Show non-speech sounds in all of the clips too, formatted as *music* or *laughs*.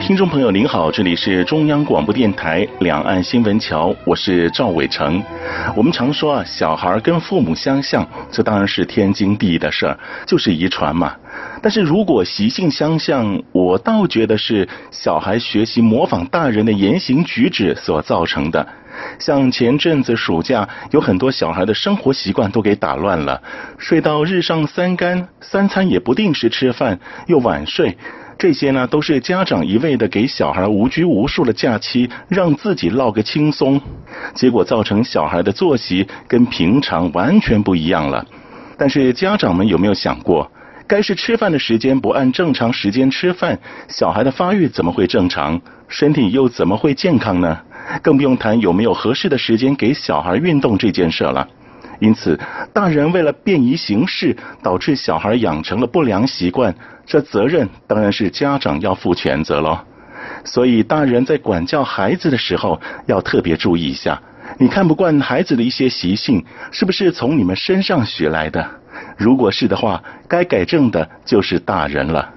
聽眾朋友您好，這裡是中央廣播電臺兩岸新聞橋，我是趙偉成。我們常說啊，小孩跟父母相像，這當然是天經地義的事兒，就是遺傳嘛。但是如果習性相像，我倒覺得是小孩學習模仿大人的言行舉止所造成的。像前陣子暑假，有很多小孩的生活習慣都給打亂了，睡到日上三竿，三餐也不定時吃飯，又晚睡。這些呢，都是家長一味的給小孩無拘無束的假期，讓自己落個輕鬆，結果造成小孩的作息跟平常完全不一樣了。但是家長們有沒有想過，該是吃飯的時間不按正常時間吃飯，小孩的發育怎麼會正常，身體又怎麼會健康呢？更不用談有沒有合適的時間給小孩運動這件事了。因此，大人為了便宜行事，導致小孩養成了不良習慣，這責任當然是家長要負全責咯。所以，大人在管教孩子的時候，要特別注意一下，你看不慣孩子的一些習性，是不是從你們身上學來的？如果是的話，該改正的就是大人了。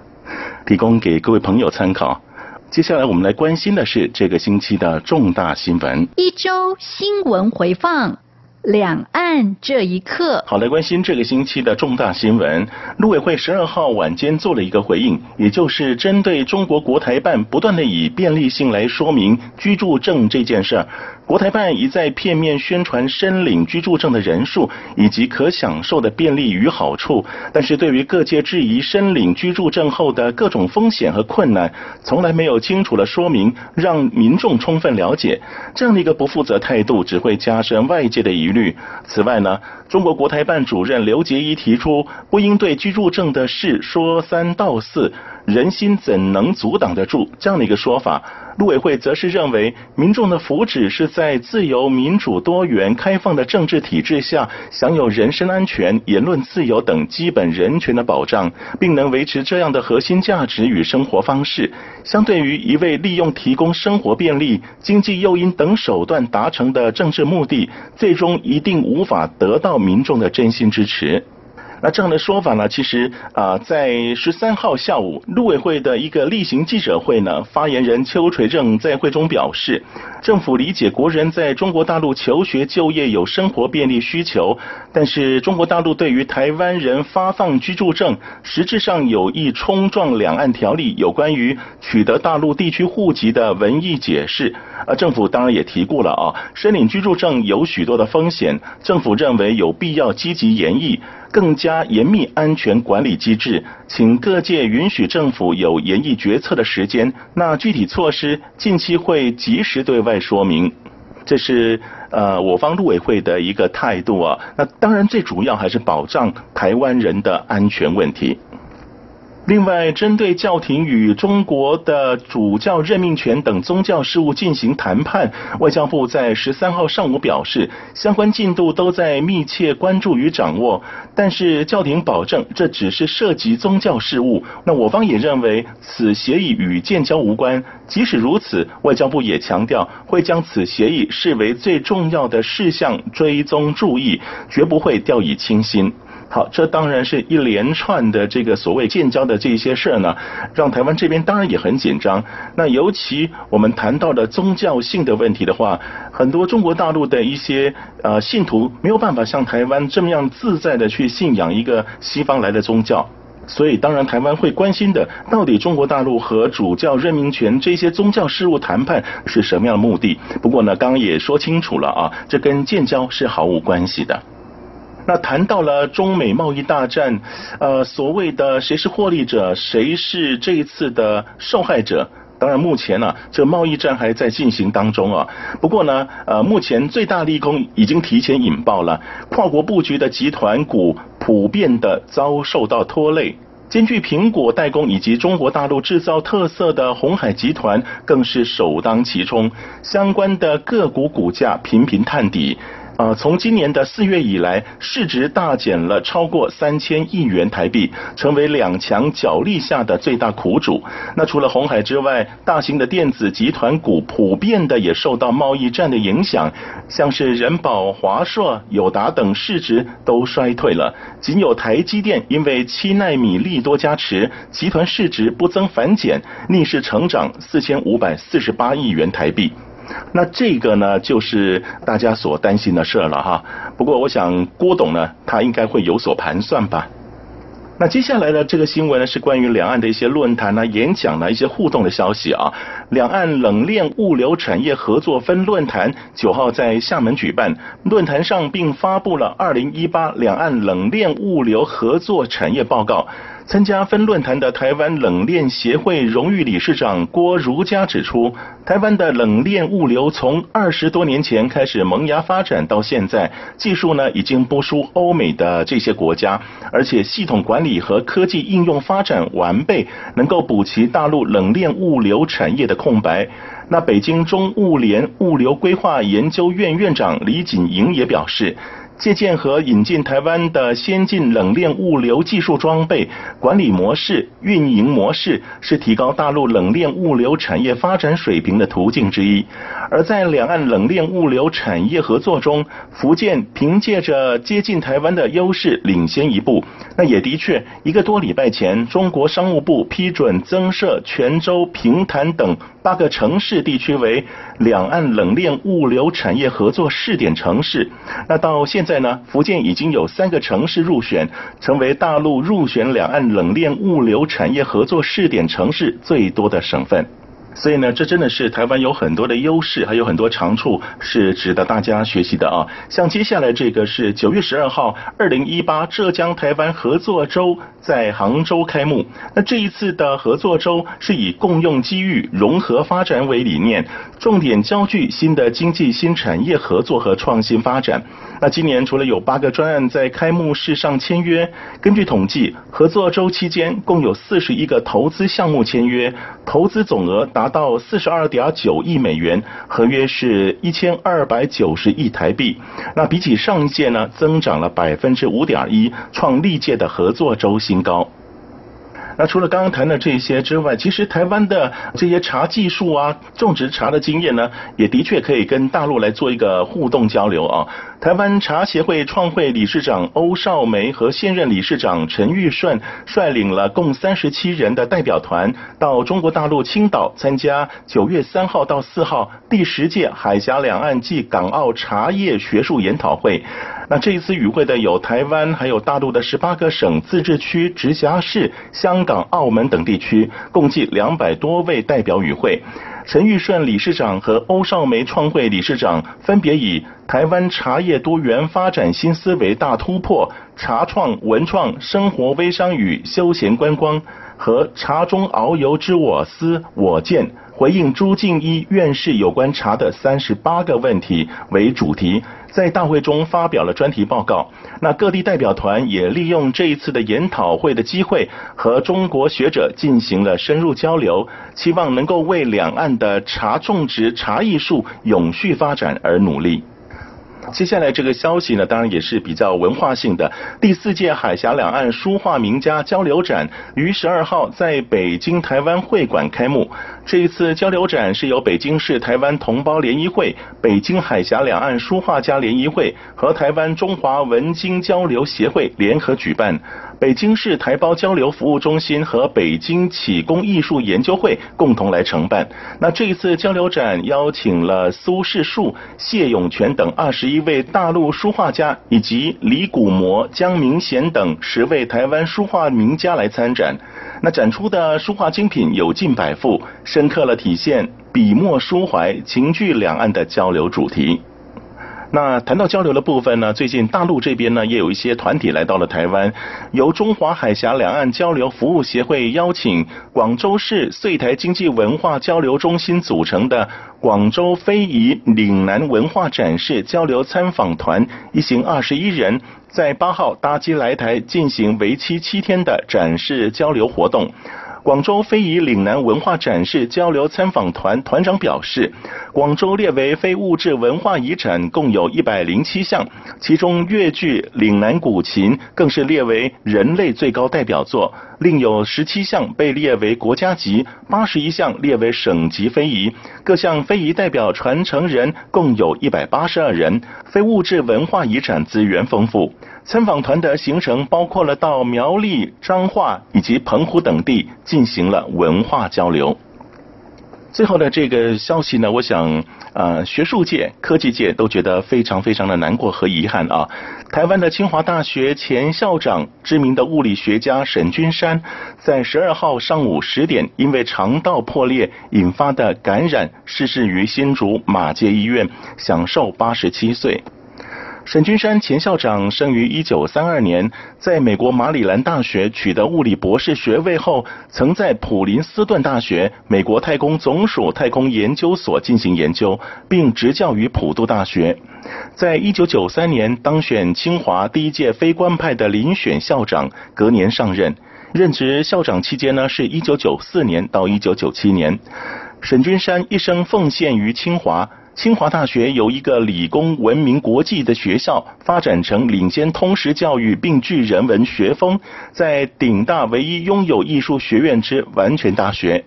提供給各位朋友參考。接下來我們來關心的是這個星期的重大新聞。一周新聞回放。兩岸這一刻，好來關心這個星期的重大新聞。陸委會十二號晚間做了一個回應，也就是針對中國國台辦不斷的以便利性來說明居住證這件事。國台辦一再片面宣傳申領居住證的人數以及可享受的便利與好處，但是對於各界質疑申領居住證後的各種風險和困難，從來沒有清楚的說明，讓民眾充分了解。這樣的一個不負責態度，只會加深外界的疑。此外呢，中國國台辦主任劉結一提出，不應對居住證的事說三道四。人心怎能阻擋得住？這樣的一個說法，陸委會則是認為，民眾的福祉是在自由、民主、多元、開放的政治體制下，享有人身安全、言論自由等基本人權的保障，並能維持這樣的核心價值與生活方式。相對於一味利用提供生活便利、經濟誘因等手段達成的政治目的，最終一定無法得到民眾的真心支持。那這樣的說法呢？其實啊，在十三號下午，陸委會的一個例行記者會呢，發言人邱垂正在會中表示，政府理解國人在中國大陸求學、就業有生活便利需求，但是中國大陸對於台灣人發放居住證，實質上有意衝撞兩岸條例有關於取得大陸地區戶籍的文義解釋。而、啊、政府當然也提過了啊，申領居住證有許多的風險，政府認為有必要積極研議。更加嚴密安全管理機製，請各界允許政府有研議決策的時間。那具體措施近期會及時對外說明，這是呃我方陸委會的一個態度啊。那當然最主要還是保障台灣人的安全問題。另外，針對教廷與中國的主教任命權等宗教事務進行談判，外交部在十三號上午表示，相關進度都在密切關注與掌握。但是教廷保證，這只是涉及宗教事務。那我方也認為，此協議與建交無關。即使如此，外交部也強調，會將此協議視為最重要的事項追蹤注意，絕不會掉以輕心。好，這當然是一連串的這個所謂建交的這些事兒呢，讓台灣這邊當然也很緊張。那尤其我們談到的宗教性的問題的話，很多中國大陸的一些呃信徒沒有辦法像台灣這麼樣自在的去信仰一個西方來的宗教。所以當然台灣會關心的，到底中國大陸和主教任命權這些宗教事務談判是什麼樣的目的？不過呢，剛剛也說清楚了啊，這跟建交是毫無關係的。那談到了中美貿易大戰，呃，所謂的誰是獲利者，誰是這一次的受害者？當然，目前呢、啊，這貿易戰還在進行當中啊。不過呢，呃，目前最大利空已經提前引爆了，跨國佈局的集團股普遍的遭受到拖累，兼具蘋果代工以及中國大陸製造特色的鴻海集團更是首當其衝，相關的個股股價頻頻頻探底，呃，從今年的四月以來，市值大減了超過三千億元台幣，成為兩強角力下的最大苦主。那除了鴻海之外，大型的電子集團股普遍的也受到貿易戰的影響，像是仁寶、華碩、友達等市值都衰退了。僅有台積電因為七奈米利多加持，集團市值不增反減，逆勢成長四千五百四十八億元台幣。那這個呢，就是大家所擔心的事了哈。不過，我想郭董呢，他應該會有所盤算吧。那接下來的這個新聞呢，是關於兩岸的一些論壇呢、演講呢、一些互動的消息啊。兩岸冷鏈物流產業合作分論壇九號在廈門舉辦，論壇上並發布了《二零一八兩岸冷鏈物流合作產業報告》。參加分論壇的台灣冷鏈協會榮譽理事長郭儒家指出，台灣的冷鏈物流從二十多年前開始萌芽發展到現在，技術呢已經不輸歐美的這些國家，而且系統管理和科技應用發展完備，能夠補齊大陸冷鏈物流產業的空白。那北京中物聯物流規劃研究院院長李錦瑩也表示，借鑑和引進台灣的先進冷鏈物流技術裝備、管理模式、運營模式，是提高大陸冷鏈物流產業發展水平的途徑之一。而在兩岸冷鏈物流產業合作中，福建憑借着接近台灣的優勢領先一步。那也的確，一個多禮拜前，中國商務部批准增設泉州、平潭等八個城市地區為兩岸冷鏈物流產業合作試點城市。那到現在。在呢，福建已經有三個城市入選，成為大陸入選兩岸冷鏈物流產業合作試點城市最多的省份。所以呢，這真的是台灣有很多的優勢，還有很多長處，是值得大家學習的啊。像接下來這個是九月十二號，二零一八浙江台灣合作周在杭州開幕。那這一次的合作周是以共用機遇、融合發展為理念，重點聚焦新的經濟、新產業合作和創新發展。那今年除了有八個專案在開幕式上簽約，根據統計，合作周期間共有四十一個投資項目簽約，投資總額達到四十二點九億美元，合約是一千二百九十億台幣。那比起上一屆呢，增長了百分之五點一，創歷屆的合作周新高。那除了剛剛談的這些之外，其實台灣的這些茶技術啊，種植茶的經驗呢，也的確可以跟大陸來做一個互動交流啊。台灣茶協會創會理事長歐少梅和現任理事長陳玉順率領了共三十七人的代表團，到中國大陸青島參加九月三號到四號第十屆海峽兩岸暨港澳茶葉學術研討會。那這一次與會的有台灣，還有大陸的十八個省、自治區、直轄市、香港、澳門等地區，共計兩百多位代表與會。陳玉順理事長和歐少梅創會理事長分別以“台灣茶葉多元發展新思維大突破，茶創、文創、生活、微商與休閒觀光”和“茶中遨遊之我思我見”回應朱敬一院士有關茶的三十八個問題為主題。在大會中發表了專題報告。那各地代表團也利用這一次的研討會的機會，和中國學者進行了深入交流，希望能夠為兩岸的茶種植、茶藝術永續發展而努力。接下來這個消息呢，當然也是比較文化性的。第四屆海峽兩岸書畫名家交流展於十二號在北京台灣會館開幕。這一次交流展是由北京市台灣同胞聯誼會、北京海峽兩岸書畫家聯誼會和台灣中華文經交流協會聯合舉辦，北京市台胞交流服務中心和北京啟功藝術研究會共同來承辦。那這一次交流展邀請了蘇士澍、謝永泉等二十一位大陸書畫家，以及李轂摩、江明賢等十位台灣書畫名家來參展。那展出的書畫精品有近百幅。深刻了，體現筆墨抒懷、情聚兩岸的交流主題。那談到交流的部分呢，最近大陸這邊呢，也有一些團體來到了台灣，由中華海峽兩岸交流服務協會邀請廣州市穗台經濟文化交流中心組成的廣州非遺嶺、嶺南文化展示交流參訪團一行二十一人，在八號搭機來台，進行為期七天的展示交流活動。廣州非遺嶺南文化展示交流參訪團團長表示，廣州列為非物質文化遺產共有一百零七項，其中粵劇、嶺南古琴更是列為人類最高代表作，另有十七項被列為國家級，八十一項列為省級非遺。各項非遺代表傳承人共有一百八十二人，非物質文化遺產資源豐富。參訪團的行程包括了到苗栗、彰化以及澎湖等地進行了文化交流。最後的這個消息呢，我想，呃，學術界、科技界都覺得非常非常的難過和遺憾啊。台灣的清華大學前校長、知名的物理學家沈君山，在十二號上午十點，因為腸道破裂引發的感染，逝世於新竹馬偕醫院，享壽八十七歲。沈君山前校長生於一九三二年，在美國馬里蘭大學取得物理博士學位後，曾在普林斯頓大學、美國太空總署太空研究所進行研究，並執教於普渡大學。在一九九三年當選清華第一屆非官派的遴選校長，隔年上任。任職校長期間呢，是一九九四年到一九九七年。沈君山一生奉獻於清華。清華大學由一個理工聞名國際的學校發展成領先通識教育並具人文學風，在頂大唯一擁有藝術學院之完全大學。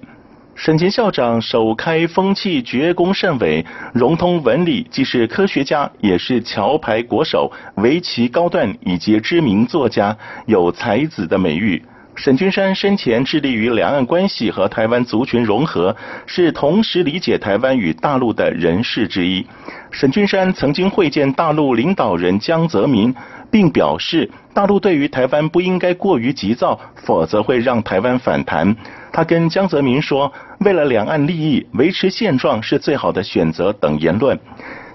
沈前校長首開風氣，絕功甚偉，融通文理，既是科學家，也是橋牌國手、圍棋高段以及知名作家，有才子的美譽。沈君山生前致力於兩岸關係和台灣族群融合，是同時理解台灣與大陸的人士之一。沈君山曾經會見大陸領導人江澤民，並表示大陸對於台灣不應該過於急躁，否則會讓台灣反彈。他跟江澤民說：“為了兩岸利益，維持現狀是最好的選擇。”等言論。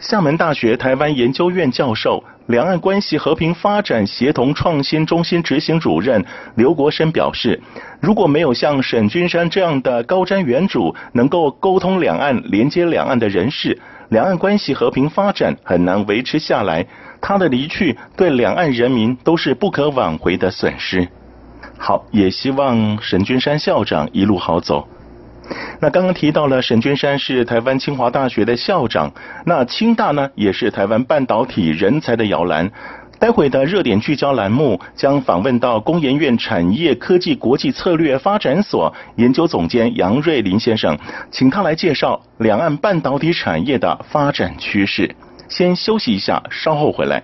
廈門大學臺灣研究院教授、兩岸關係和平發展協同創新中心執行主任劉國深表示：“如果沒有像沈君山這樣的高瞻遠矚、能夠溝通兩岸、連接兩岸的人士，兩岸關係和平發展很難維持下來。他的離去對兩岸人民都是不可挽迴的損失。好，也希望沈君山校長一路好走。”那剛剛提到了沈君山是台灣清華大學的校長，那清大呢也是台灣半導體人才的搖籃。待會的熱點聚焦欄目將訪問到工研院產業科技國際策略發展所研究總監楊瑞臨先生，請他來介紹兩岸半導體產業的發展趨勢。先休息一下，稍後回來。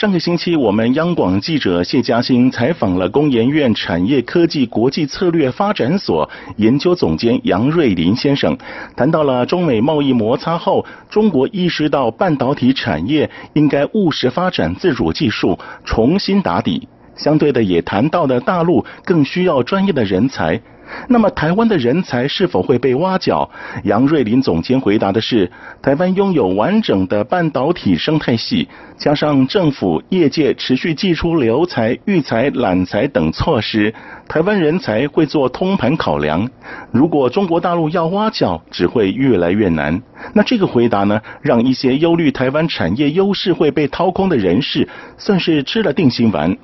上個星期，我們央廣記者謝佳興採訪了工研院產業科技國際策略發展所研究總監楊瑞臨先生，談到了中美貿易摩擦後，中國意識到半導體產業應該務實發展自主技術，重新打底。相對的，也談到了大陸更需要專業的人才。那麼台灣的人才是否會被挖角？楊瑞臨總監回答的是：台灣擁有完整的半導體生態系，加上政府、業界持續祭出留才、育才、攬才等措施，台灣人才會做通盤考量。如果中國大陸要挖角，只會越來越難。那這個回答呢，讓一些憂慮台灣產業優勢會被掏空的人士，算是吃了定心丸。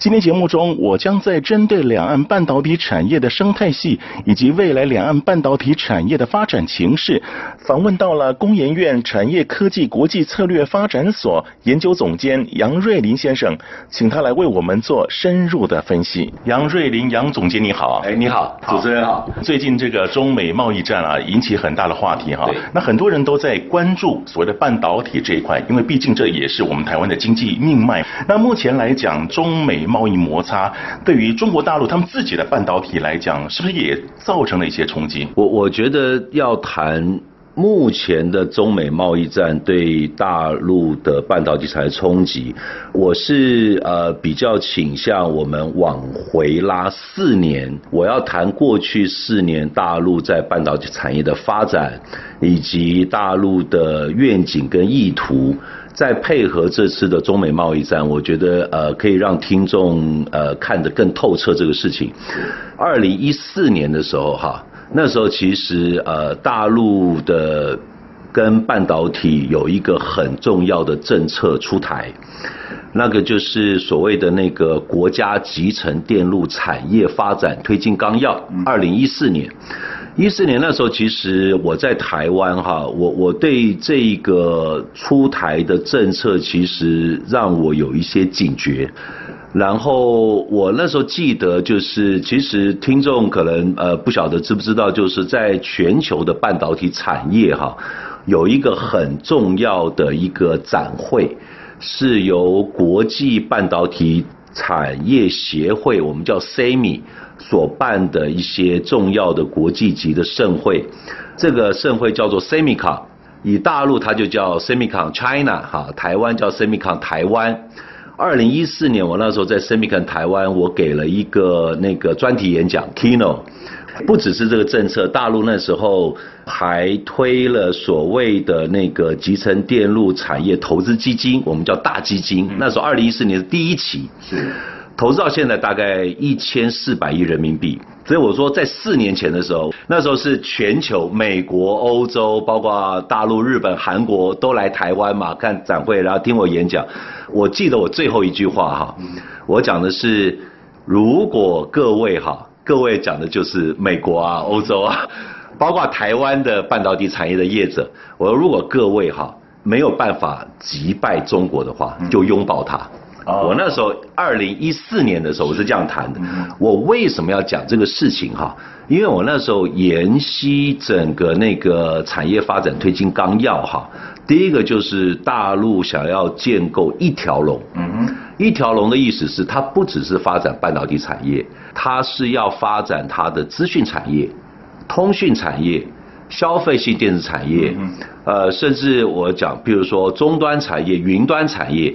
今天節目中，我將在針對兩岸半導體產業的生態系以及未來兩岸半導體產業的發展情勢，訪問到了工研院產業科技國際策略發展所研究總監楊瑞臨先生，請他來為我們做深入的分析。楊瑞臨楊總監你好。哎，你好，主持人好。好，最近這個中美貿易戰啊，引起很大的話題哈、啊。對那很多人都在關注所謂的半導體這一塊，因為畢竟這也是我們台灣的經濟命脈。那目前來講，中美貿易摩擦對於中國大陸他們自己的半導體來講，是不是也造成了一些衝擊？我我覺得要談目前的中美貿易戰對大陸的半導體產業衝擊，我是呃比較傾向我們往回拉四年，我要談過去四年大陸在半導體產業的發展以及大陸的願景跟意圖。再配合這次的中美貿易戰，我覺得呃可以讓聽眾呃看得更透徹這個事情。二零一四年的時候哈，那時候其實呃大陸的跟半導體有一個很重要的政策出台，那個就是所謂的那個《國家集成電路產業發展推進綱要》，二零一四年。一四年那時候，其實我在台灣哈，我我對這個出台的政策，其實讓我有一些警覺。然後我那時候記得，就是其實聽眾可能呃不曉得知不知道，就是在全球的半導體產業哈，有一個很重要的一個展會，是由國際半導體產業協會，我們叫 SEMI 所辦的一些重要的國際級的盛會，這個盛會叫做 Semicon，以大陸它就叫 Semicon China，哈，台灣叫 Semicon 台灣。二零一四年我那時候在 Semicon 台灣，我給了一個那個專題演講 Keynote。不只是這個政策，大陸那時候還推了所謂的那個集成電路產業投資基金，我們叫大基金。嗯，那時候二零一四年是第一期。是。投資到現在大概一千四百億人民幣，所以我說在四年前的時候，那時候是全球美國、歐洲，包括大陸、日本、韓國都來台灣嘛，看展會，然後聽我演講。我記得我最後一句話哈，我講的是，如果各位哈，各位講的就是美國啊、歐洲啊，包括台灣的半導體產業的業者，我說如果各位哈沒有辦法擊敗中國的話，就擁抱它。Oh, 我那時候二零一四年的時候，我是這樣談的。Mm hmm. 我為什麼要講這個事情哈？因為我那時候沿襲整個那個產業發展推進綱要哈。第一個就是大陸想要建構一條龍。嗯哼、mm。Hmm. 一條龍的意思是，它不只是發展半導體產業，它是要發展它的資訊產業、通訊產業、消費性電子產業，mm hmm. 呃，甚至我講，比如說終端產業、雲端產業。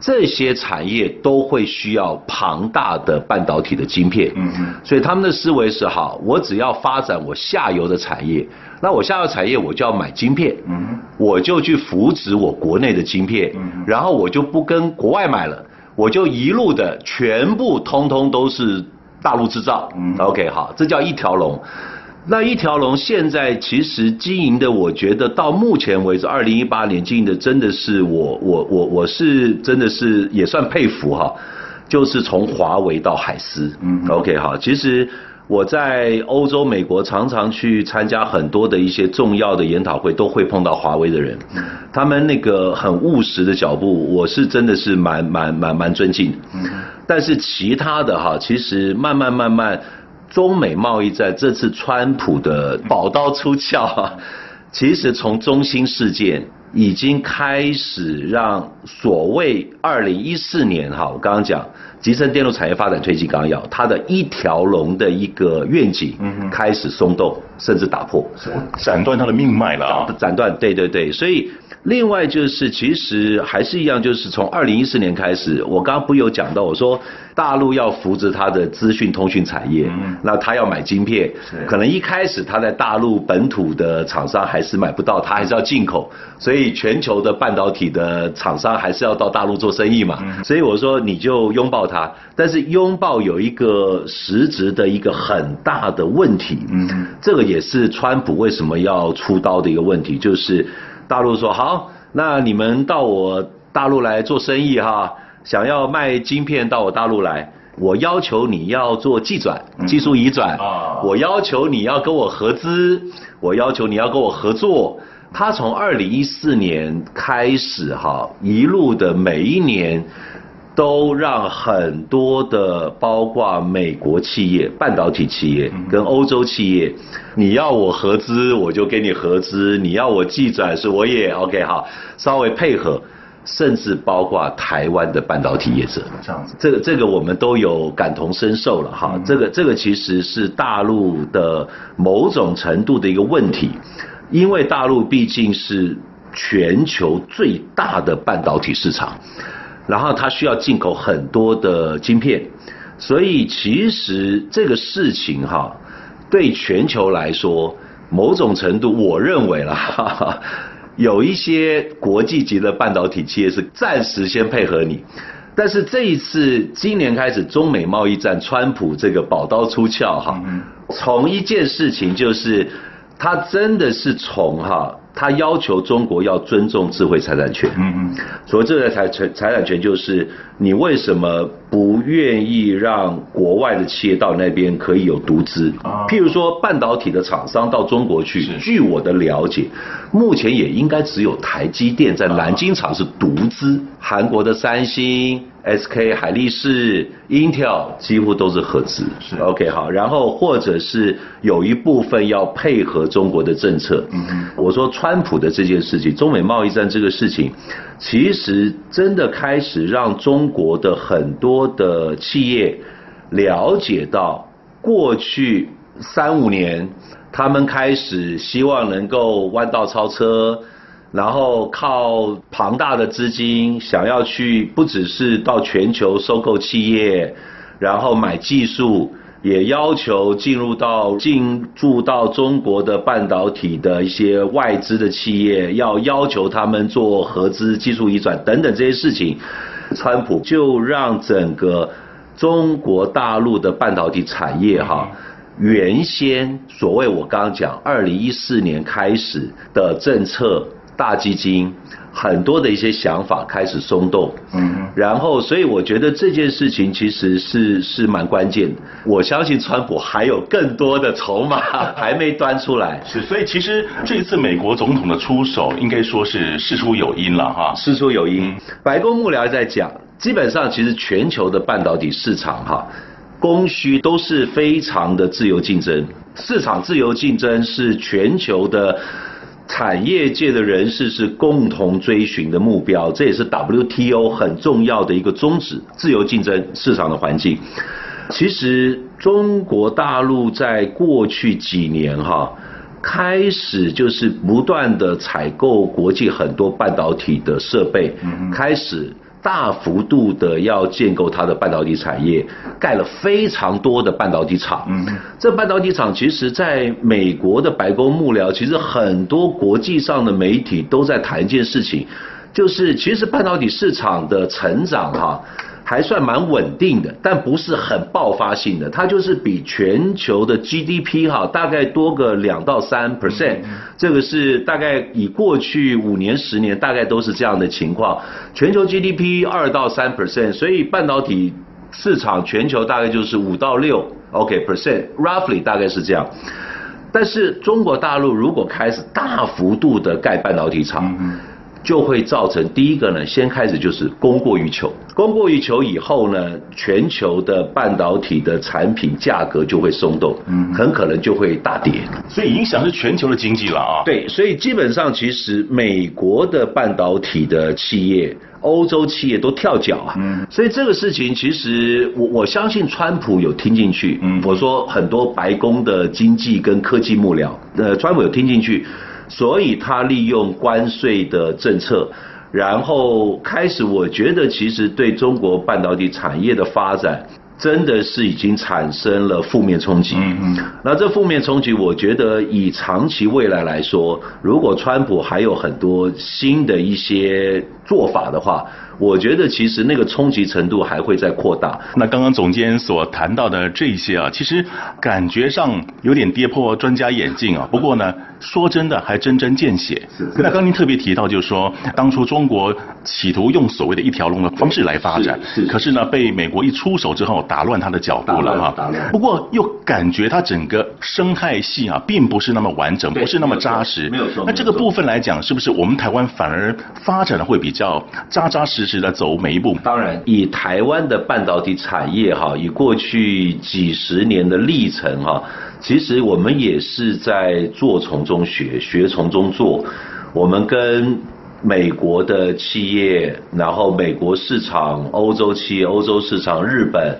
這些產業都會需要龐大的半導體的晶片，嗯、哼所以他們的思維是哈，我只要發展我下游的產業，那我下游的產業我就要買晶片，嗯、哼我就去扶植我國內的晶片，嗯、哼然後我就不跟國外買了，我就一路的全部通通都是大陸製造、嗯、哼，OK，好，這叫一條龍。那一條龍現在其實經營的，我覺得到目前為止，二零一八年經營的真的是我我我我是真的是也算佩服哈、啊，就是從華為到海思，嗯哼，OK 哈，其實我在歐洲、美國常常去參加很多的一些重要的研討會，都會碰到華為的人，嗯哼，他們那個很務實的腳步，我是真的是蠻蠻蠻蠻尊敬的，嗯哼，但是其他的哈，其實慢慢慢慢。中美貿易戰這次，川普的寶刀出鞘，其實從中心事件已經開始讓所謂二零一四年哈，我剛剛講集成電路產業發展推進綱要，它的一條龍的一個願景開始鬆動，嗯、哼甚至打破，斬是是斷它的命脈了、啊，斬斷，對對對，所以。另外就是，其實還是一樣，就是從二零一四年開始，我剛剛不有講到，我說大陸要扶持它的資訊通訊產業，嗯、那他要買晶片，是可能一開始他在大陸本土的廠商還是買不到，他還是要進口，所以全球的半導體的廠商還是要到大陸做生意嘛，嗯、哼所以我說你就擁抱它，但是擁抱有一個實質的一個很大的問題，嗯、哼這個也是川普為什麼要出刀的一個問題，就是。大陸說好，那你們到我大陸來做生意哈，想要賣晶片到我大陸來，我要求你要做技轉，技術移轉，嗯、我要求你要跟我合資，我要求你要跟我合作。他從二零一四年開始哈，一路的每一年。都讓很多的，包括美國企業、半導體企業跟歐洲企業，嗯、哼你要我合資，我就給你合資；你要我技轉是，我也 OK 哈，稍微配合，甚至包括台灣的半導體業者，這樣子，這個、這個我們都有感同身受了哈，嗯、哼這個這個其實是大陸的某種程度的一個問題，因為大陸畢竟是全球最大的半導體市場。然後它需要進口很多的晶片，所以其實這個事情哈，對全球來說，某種程度我認為啦哈哈，有一些國際級的半導體企業是暫時先配合你，但是這一次今年開始中美貿易戰，川普這個寶刀出鞘哈，從一件事情就是，它真的是從哈。他要求中國要尊重智慧財產權，權。嗯嗯，所以智慧財產財產權，就是你為什麼不願意讓國外的企業到那邊可以有獨資？啊，譬如說半導體的廠商到中國去，是是據我的了解，目前也應該只有台積電在南京廠是獨資，啊、韓國的三星。SK 海力士、Intel 幾乎都是合資。是 OK 好，然後或者是有一部分要配合中國的政策。我說川普的這件事情，嗯、哼中美貿易戰這個事情，其實真的開始讓中國的很多的企業了解到，過去三五年，他們開始希望能夠彎道超車。然後靠龐大的資金，想要去不只是到全球收購企業，然後買技術，也要求進入到進駐到中國的半導體的一些外資的企業，要要求他們做合資、技術移轉等等這些事情。川普就讓整個中國大陸的半導體產業哈，原先所謂我剛剛講二零一四年開始的政策，大基金很多的一些想法開始鬆動，嗯哼，然後所以我覺得這件事情其實是是蠻關鍵的。我相信川普還有更多的籌碼還沒端出來，是，所以其實這次美國總統的出手應該說是事出有因了哈，事出有因。嗯、白宮幕僚在講，基本上其實全球的半導體市場哈，供需都是非常的自由競爭，市場自由競爭是全球的。產業界的人士是共同追尋的目標，這也是 WTO 很重要的一個宗旨——自由競爭市場的環境。其實，中國大陸在過去幾年哈，開始就是不斷的採購國際很多半導體的設備，嗯、哼開始。大幅度的要建構它的半導體產業，蓋了非常多的半導體廠。嗯，這半導體廠其實，在美國的白宮幕僚，其實很多國際上的媒體都在談一件事情，就是其實半導體市場的成長啊，哈。還算蠻穩定的，但不是很爆發性的，它就是比全球的 GDP 哈，大概多個兩到三 percent，嗯嗯，這個是大概以過去五年、十年大概都是這樣的情況。全球 GDP 二到三 percent，所以半導體市場全球大概就是五到六 OK percent，roughly 大概是這樣。但是中國大陸如果開始大幅度的蓋半導體廠，嗯嗯就會造成第一個呢，先開始就是供過於求，供過於求以後呢，全球的半導體的產品價格就會鬆動，嗯，很可能就會大跌，所以影響是全，全球的經濟了啊。對，所以基本上其實美國的半導體的企業、歐洲企業都跳腳啊，嗯，所以這個事情其實我我相信川普有聽進去，嗯，我說很多白宮的經濟跟科技幕僚，呃，川普有聽進去。所以他利用關稅的政策，然後開始，我覺得其實對中國半導體產業的發展，真的是已經產生了負面衝擊。嗯嗯。那這負面衝擊，我覺得以長期未來來說，如果川普還有很多新的一些做法的話。我覺得其實那個衝擊程度還會再擴大。那剛剛總監所談到的這些啊，其實感覺上有點跌破專家眼鏡啊。不過呢，說真的還真真見血。那剛，剛您特別提到，就是說當初中國企圖用所謂的一條龍的方式來發展，是，是，是，可是呢，被美國一出手之後，打亂他的腳步了哈、啊。打亂，不過又感覺他整個生態系啊，並不是那麼完整，對不是那麼扎實。沒有錯。有有那這個部分來講，是不是我們台灣反而發展的會比較扎扎實？是在走每一步。當然，以台灣的半導體產業哈，以過去幾十年的歷程哈，其實我們也是在做從中學，學從中做。我們跟美國的企業，然後美國市場、歐洲企業、歐洲市場、日本。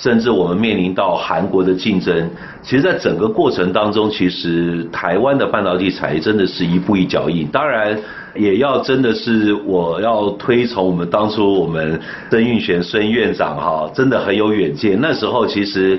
甚至我們面臨到韓國的競爭，其實，在整個過程當中，其實台灣的半導體產業真的是一步一腳印。當然，也要真的是我要推崇我們當初我們孫運璿孫院長哈，真的很有遠見。那時候其實，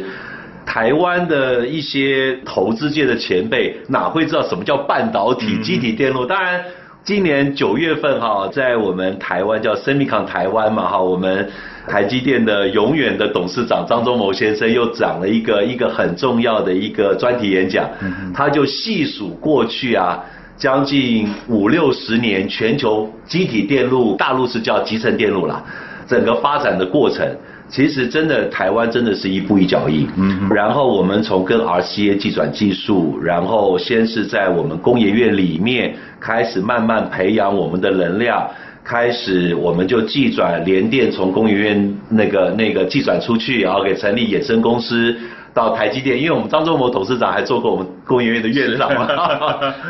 台灣的一些投資界的前輩哪會知道什麼叫半導體、積體電路？嗯、當然，今年九月份哈，在我們台灣叫 Semicon 台灣嘛哈，我們。台積電的永遠的董事長張忠謀先生又講了一個一個很重要的一個專題演講，嗯、哼他就細數過去啊將近五六十年全球晶體電路（大陸是叫集成電路啦。整個發展的過程，其實真的台灣真的是一步一腳印。嗯哼然後我們從跟 RCA 轉技術，然後先是在我們工業院裡面開始慢慢培養我們的能量。開始我們就技轉聯電，從工研院那個那個技轉，出去，然後給成立衍生公司到台積電，因為我們張忠謀董事長還做過我們工研院的院長嘛。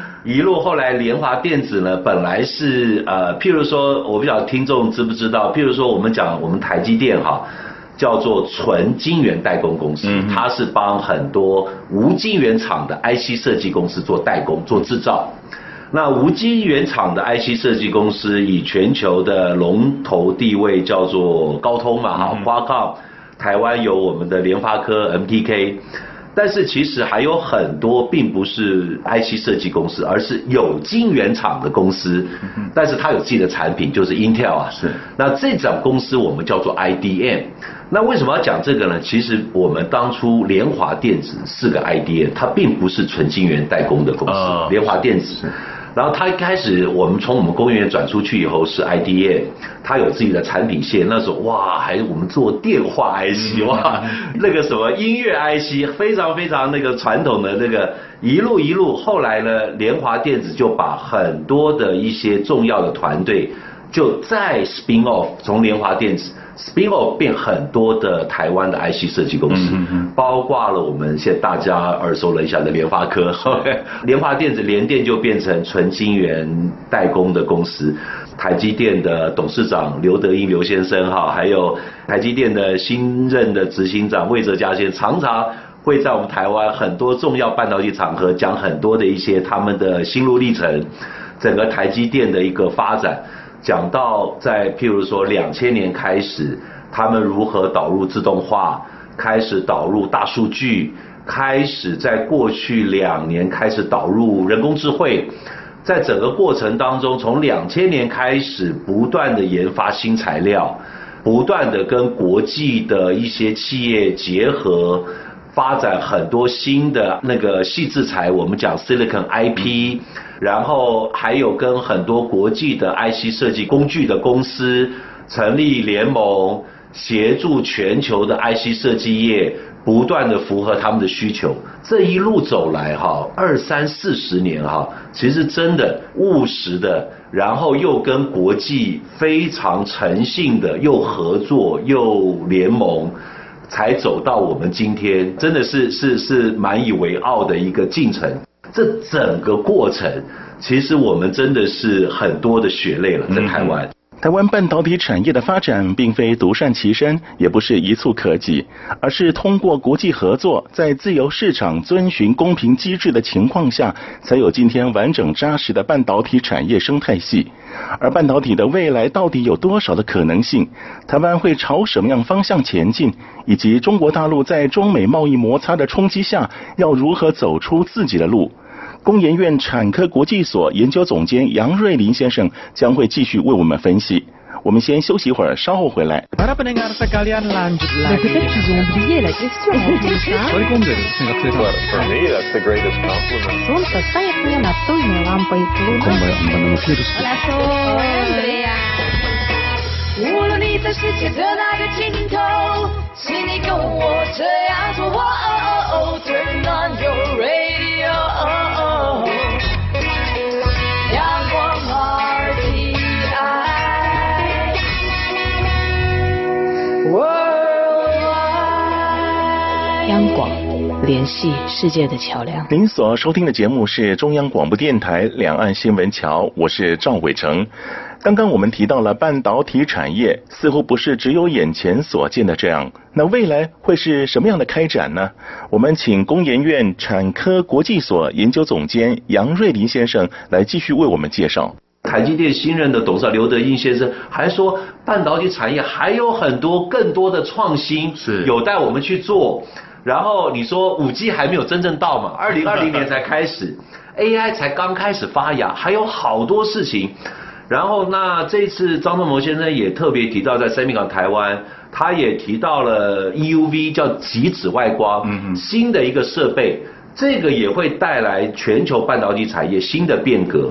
*laughs* 一路後來聯華電子呢，本來是呃，譬如說我不知道聽眾知不知道，譬如說我們講我們台積電哈，叫做純晶圓代工公司，嗯、它是幫很多無晶圓廠的 IC 設計公司做代工、做製造。那無晶圓廠的 IC 設計公司，以全球的龍頭地位叫做高通嘛哈，嗯、花崗台灣有我們的聯發科 MTK，但是其實還有很多並不是 IC 設計公司，而是有晶圓廠的公司，嗯、但是它有自己的產品，就是 Intel 啊。是。那這種公司我們叫做 IDM。那為什麼要講這個呢？其實我們當初聯華電子是個 IDM，它並不是純晶圓代工的公司。聯華、嗯、電子。然後他一開始，我們從我們工研院轉出去以後是 IDM，他有自己的產品線。那時候哇，還是我們做電話 I C 哇，那個什麼音樂 I C，非常非常那個傳統的那個一路一路。後來呢，聯華電子就把很多的一些重要的團隊。就在 spin off, 聯華 spin off 從聯華電子 spin off 變很多的台灣的 IC 設計公司，嗯嗯嗯，包括了我們現在大家耳熟能詳的聯發科，okay、聯華電子、聯電就變成純晶圓代工的公司。台積電的董事長劉德音劉先生哈，還有台積電的新任的執行長魏哲家先生，常常會在我們台灣很多重要半導體場合講很多的一些他們的心路歷程，整個台積電的一個發展。講到在譬如說兩千年開始，他們如何導入自動化，開始導入大數據，開始在過去兩年開始導入人工智慧，在整個過程當中，從兩千年開始不斷地研發新材料，不斷地跟國際的一些企業結合。發展很多新的那個矽智財，我們講 Silicon IP，然後還有跟很多國際的 IC 設計工具的公司成立聯盟，協助全球的 IC 設計業不斷地符合他們的需求。這一路走來哈，二三四十年哈，其實真的務實的，然後又跟國際非常誠信的又合作又聯盟。才走到我們今天，真的是是是蠻以為傲的一個進程。這整個過程，其實我們真的是很多的血淚了，在台灣。嗯台灣半導體產業的發展並非獨善其身，也不是一蹴可及，而是通過國際合作，在自由市場遵循公平機制的情況下，才有今天完整紮實的半導體產業生態系。而半導體的未來到底有多少的可能性？台灣會朝什麼樣方向前進？以及中國大陸在中美貿易摩擦的衝擊下，要如何走出自己的路？工研院產科國際所研究總監楊瑞臨先生將會繼續為我們分析。我們先休息一會兒，稍後回來。 *music* 廣聯繫世界的橋樑。您所收聽的節目是中央廣播電台兩岸新聞橋，我是趙偉成。剛剛我們提到了半導體產業似乎不是只有眼前所見的這樣，那未來會是什麼樣的開展呢？我們請工研院產科國際所研究總監楊瑞臨先生來繼續為我們介紹。台積電新任的董事長劉德音先生還說，半導體產業還有很多更多的創新是有待我們去做。然後你說五 G 還沒有真正到嘛，二零二零年才開始 *laughs* ，AI 才剛開始發芽，還有好多事情。然後那這一次張忠謀先生也特別提到，在 Semicon 台灣，他也提到了 EUV 叫極紫外光，嗯哼，新的一個設備。這個也會帶來全球半導體產業新的變革，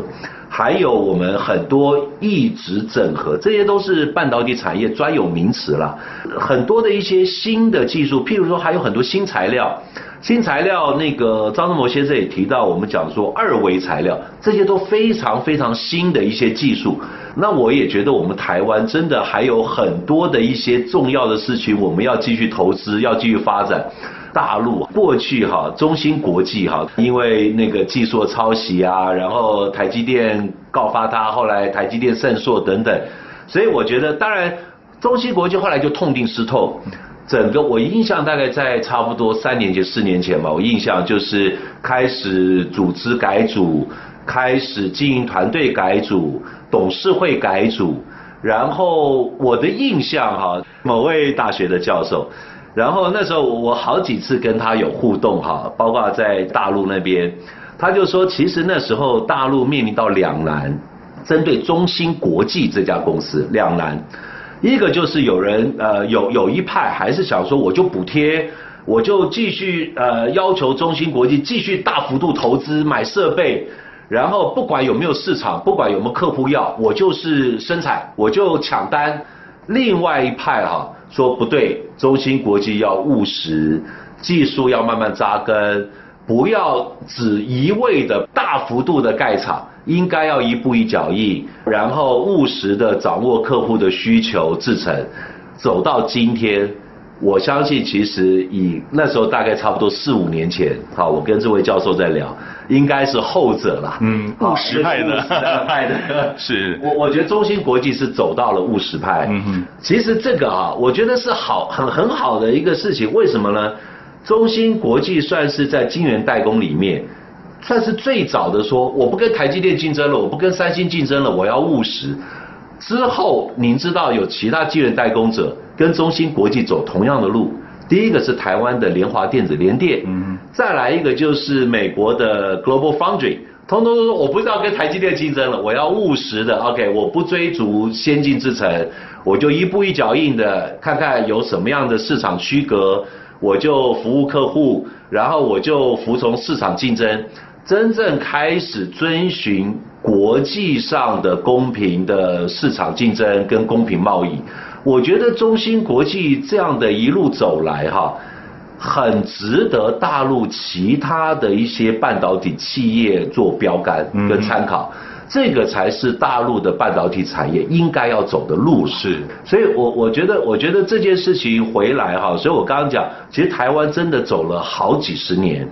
還有我們很多異質整合，這些都是半導體產業專有名詞了。很多的一些新的技術，譬如說還有很多新材料，新材料那個張忠謀先生也提到，我們講說二維材料，這些都非常非常新的一些技術。那我也覺得我們台灣真的還有很多的一些重要的事情，我們要繼續投資，要繼續發展。大陸過去哈，中芯國際哈，因為那個技術抄襲啊，然後台積電告發他，後來台積電勝訴等等，所以我覺得當然中芯國際後來就痛定思痛，整個我印象大概在差不多三年前，四年前吧，我印象就是開始組織改組，開始經營團隊改組，董事會改組，然後我的印象哈，某位大學的教授。然後那時候我好幾次跟他有互動哈，包括在大陸那邊，他就說，其實那時候大陸面臨到兩難，針對中芯國際這家公司兩難，一個就是有人呃、有、有一派還是想說我就補貼，我就繼續呃要求中芯國際繼，繼續大幅度投資買設備，然後不管有沒有市場，不管有沒有客戶要，我就是生產，我就搶單，另外一派哈。說不對，中芯國際要務實，技術要慢慢紮根，不要只一味的大幅度的蓋廠，應該要一步一腳印，然後務實的掌握客戶的需求，製程，走到今天。我相信，其實以那時候大概差不多四五年前，好，我跟這位教授在聊，應該是後者啦。嗯，好務實派的，務實派的，務實派的是。我我覺得中芯國際是走到了務實派。嗯哼其實這個啊，我覺得是好很很好的一個事情。為什麼呢？中芯國際算是在晶圓代工裡面，算是最早的說，我不跟台積電競爭了，我不跟三星競爭了，我要務實。之後，您知道有其他晶圓代工者跟中芯國際走同樣的路，第一個是台灣的聯華電子，聯電，嗯哼，再來一個就是美國的 Global Foundry，通通通通，我不知道跟台積電競爭了，我要務實的，OK，我不追逐先進製程，我就一步一腳印的，看看有什麼樣的市場區隔，我就服務客戶，然後我就服從市場競爭，真正開始遵循，國際上的公平的市場競爭跟公平貿易，我覺得中芯國際這樣的一路走來哈，很值得大陸其他的一些半導體企業做標杆跟參考。這個才是大陸的半導體產業應該要走的路。是，所以我我覺得，我覺得這件事情回來哈，所以我剛剛講，其實台灣真的走了好幾十年，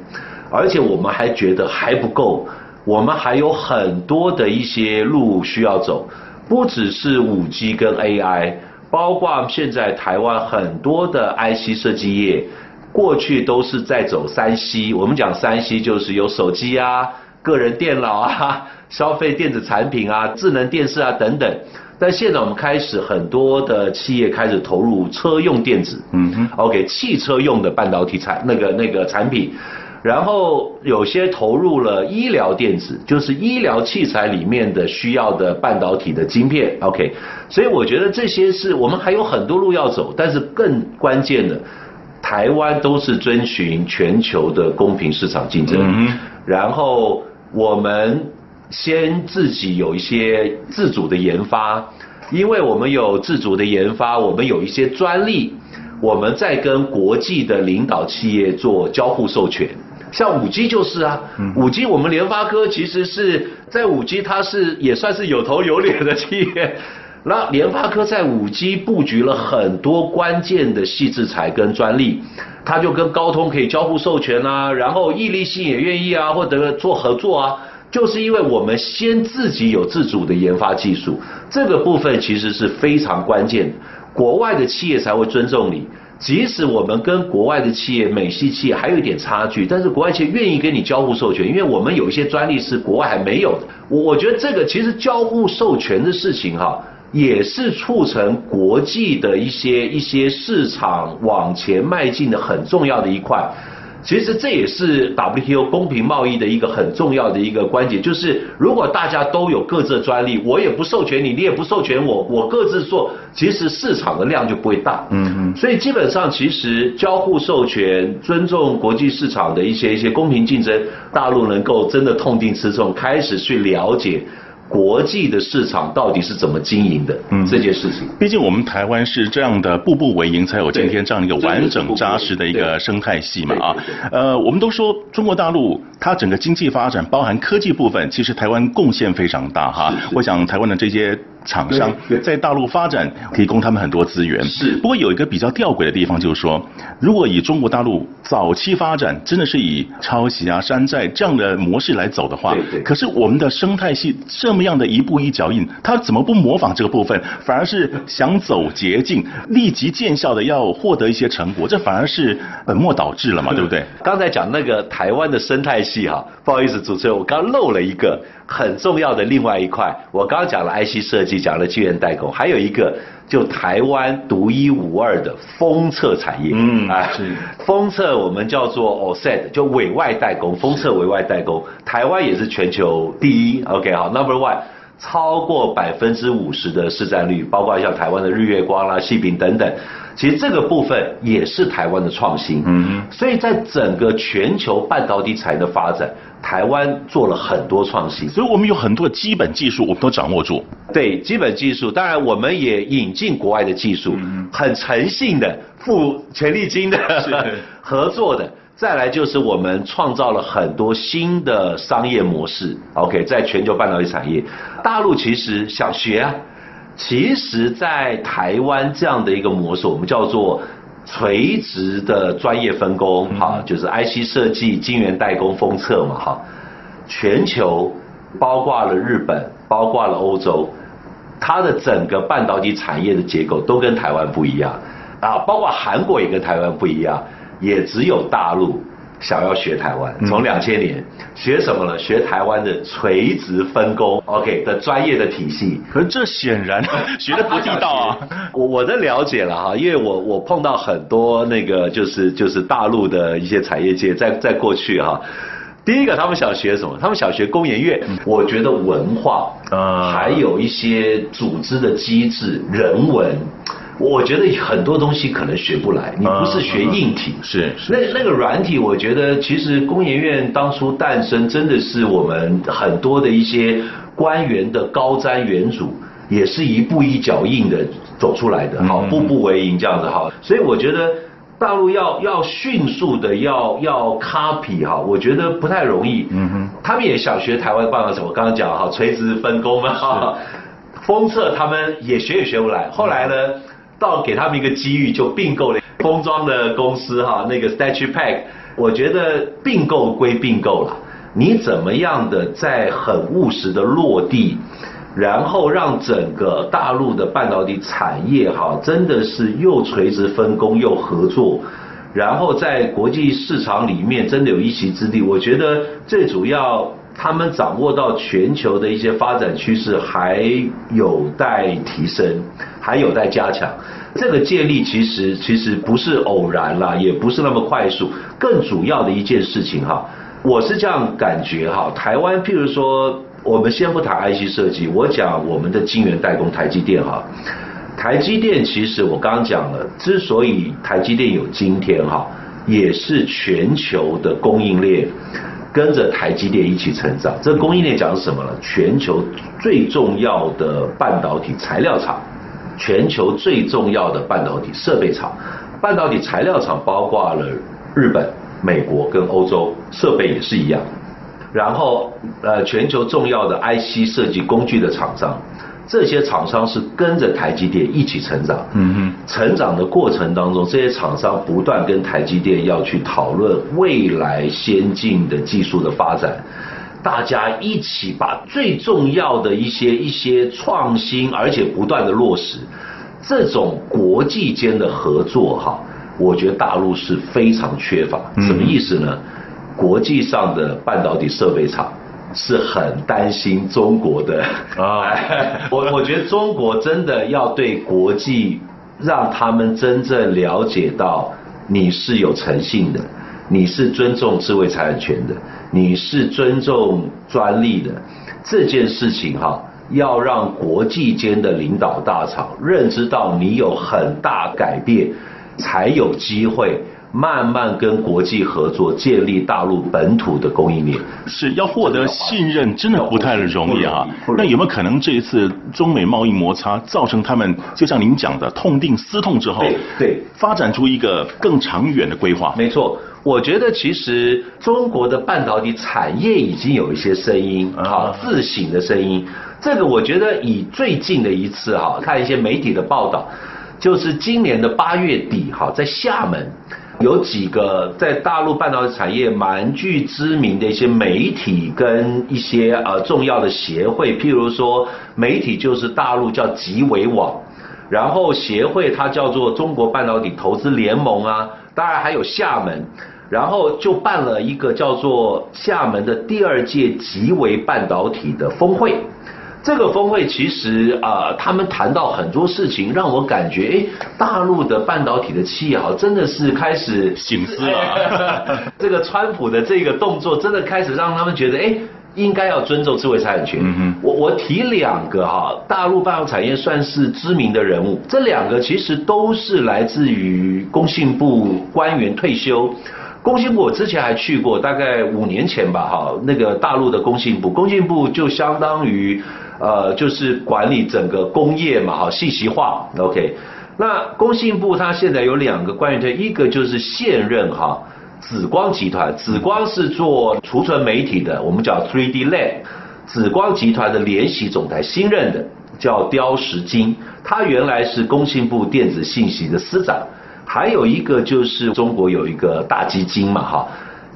而且我們還覺得還不夠。我們還有很多的一些路需要走，不只是五 G 跟 AI，包括現在台灣很多的 IC 設計業，過去都是在走三 C，我們講三 C 就是有手機啊、個人電腦啊、消費電子產品啊、智能電視啊等等，但現在我們開始很多的企業開始投入車用電子，嗯哼，OK，汽車用的半導體產那個那個產品。然後有些投入了醫療電子，就是醫療器材裡面的需要的半導體的晶片，OK。所以我覺得這些是我們還有很多路要走，但是更關鍵的，台灣都是遵循全球的公平市場競爭。嗯。然後我們先自己有一些自主的研發，因為我們有自主的研發，我們有一些專利。我們在跟國際的領導企業做交互授權，像五 G 就是啊，五 G 我們聯發科其實是在五 G 它，是也算是有頭有臉的企業，那聯發科在五 G 佈局了很多關鍵的矽智財跟專利，它就跟高通可以交互授權啊，然後易利信也願意啊，或者做合作啊，就是因為我們先自己有自主的研發技術，這個部分其實是非常關鍵的。國外的企業才會尊重你，即使我們跟國外的企業、美系企業還有一點差距，但是國外企業願意跟你交互授權，因為我們有一些專利是國外還沒有的。我我覺得這個其實交互授權的事情哈，也是促成國際的一些一些市場往前邁進的很重要的一塊。其實這也是 WTO 公平貿易的一個很重要的一個關節，就是如果大家都有各自的專利，我也不授權你，你也不授權我，我各自做，其實市場的量就不會大。嗯嗯哼。所以基本上，其實交互授權、尊重國際市場的一些一些公平競爭，大陸能夠真的痛定思痛，開始去了解。國際的市場到底是怎麼經營的？嗯，這件事情。畢竟我們台灣是這樣的，步步為營，才有今天這樣一個完整紮實的一個生態系嘛啊。呃，我們都說中國大陸它整個經濟發展，包含科技部分，其實台灣貢獻非常大哈。我想台灣的這些廠商在大陸發展，提供他們很多資源。是，不過有一個比較吊詭的地方，就是說，如果以中國大陸早期發展，真的是以抄襲啊、山寨這樣的模式來走的話，對對。可是我們的生態系這麼樣的一步一腳印，他怎麼不模仿這個部分，反而是想走捷徑，立即見效的要獲得一些成果，這反而是本末倒置了嘛，對不對，對？剛才講那個台灣的生態系哈，不好意思，主持人，我剛漏了一個。很重要的另外一塊，我剛剛講了 IC 設計，講了晶圓代工，還有一個就台灣獨一無二的封測產業。嗯，是啊，封測我們叫做 OSAT，就委外代工，封測委外代工，是台灣也是全球第一。嗯、OK，好，Number One，超過百分之五十的市佔率，包括像台灣的日月光啦、矽品等等。其實這個部分也是台灣的創新，嗯，所以在整個全球半導體產業的發展，台灣做了很多創新，所以我們有很多基本技術我們都掌握住。對，基本技術，當然我們也引進國外的技術，嗯、很誠信的付權利金、的是合作的，再來就是我們創造了很多新的商業模式。OK，在全球半導體產業，大陸其實想學啊。其實，在台灣這樣的一個模式，我們叫做垂直的專業分工，哈、嗯啊，就是 IC 設計、晶圓代工、封測嘛，哈、啊，全球包括了日本，包括了歐洲，它的整個半導體產業的結構都跟台灣不一樣，啊，包括韓國也跟台灣不一樣，也只有大陸。想要學台灣，從兩千年、嗯、學什麼了？學台灣的垂直分工、嗯、，OK 的專業的體系。可是這顯然學的不地道啊！啊我我的了解了哈，因為我我碰到很多那個就是就是大陸的一些產業界在，在在過去哈，第一個他們想學什麼？他們想學工研院樂。嗯、我覺得文化還有一些組織的機制、人文。我覺得很多東西可能學不來，你不是學硬體，嗯、是那那個軟體。我覺得其實工研院當初誕生，真的是我們很多的一些官員的高瞻遠矚，也是一步一腳印的走出來的，好，步步為營這樣子哈。所以我覺得大陸要要迅速的要要 copy 哈，我覺得不太容易。嗯哼，他們也想學台灣辦怎麼，我剛剛講哈，垂直分工嘛，哈，封是測他們也學也學不來，後來呢？嗯到給他們一個機遇就併購了封裝的公司哈，那個 STATS ChipPAC，我覺得併購歸併購了，你怎麼樣的在很務實的落地，然後讓整個大陸的半導體產業哈，真的是又垂直分工又合作，然後在國際市場裡面真的有一席之地，我覺得最主要。他們掌握到全球的一些發展趨勢，還有待提升，還有待加強。這個建立其實其實不是偶然啦，也不是那麼快速。更主要的一件事情哈，我是這樣感覺哈。台灣譬如說，我們先不談 IC 設計，我講我們的晶圓代工台積電哈。台積電其實我剛剛講了，之所以台積電有今天哈，也是全球的供應鏈。跟着台積電一起成長，這供應鏈講什麼了？全球最重要的半導體材料廠，全球最重要的半導體設備廠，半導體材料廠包括了日本、美國跟歐洲，設備也是一樣。然後，呃，全球重要的 IC 設計工具的廠商。這些廠商是跟着台積電一起成長，嗯哼，成長的過程當中，這些廠商不斷跟台積電要去討論未來先進的技術的發展，大家一起把最重要的一些一些創新，而且不斷的落實，這種國際間的合作哈，我覺得大陸是非常缺乏，什麼意思呢？國際上的半導體設備廠。是很擔心中國的啊，哦、 *laughs* 我我覺得中國真的要對國際，讓他們真正了解到你是有誠信的，你是尊重智慧財產權的，你是尊重專利的，這件事情哈、啊，要讓國際間的領導大廠認知到你有很大改變，才有機會。慢慢跟國際合作建立大陸本土的供應鏈，是要獲得信任，真的不太容易啊。不容易，不容易，不容易。那有沒有可能這一次中美貿易摩擦造成他們就像您講的痛定思痛之後，對對，對發展出一個更長遠的規劃？沒錯，我覺得其實中國的半導體產業已經有一些聲音，哈，自省的聲音。嗯，這個我覺得以最近的一次哈，看一些媒體的報道，就是今年的八月底哈，在廈門。有幾個在大陸半導體產業蠻具知名的一些媒體跟一些呃重要的協會，譬如說媒體就是大陸叫集微網，然後協會它叫做中國半導體投資聯盟啊，當然還有廈門，然後就辦了一個叫做廈門的第二屆集微半導體的峰會。這個峰會其實啊、呃，他們談到很多事情，讓我感覺哎，大陸的半導體的企業真的是開始醒悟了啊。 *laughs* 這個川普的這個動作，真的開始讓他們覺得哎，應該要尊重智慧財產權。嗯、哼我我提兩個哈，大陸半導產業算是知名的人物，這兩個其實都是來自於工信部官員退休。工信部我之前還去過，大概五年前吧哈，那個大陸的工信部，工信部就相當於。呃，就是管理整個工業嘛，哈，信息化，OK。那工信部它現在有兩個官員，一個就是現任哈，紫光集團，紫光是做儲存媒體的，我們叫 3D Lab，紫光集團的聯席總裁，新任的叫刁石京，他原來是工信部電子信息的司長，還有一個就是中國有一個大基金嘛，哈，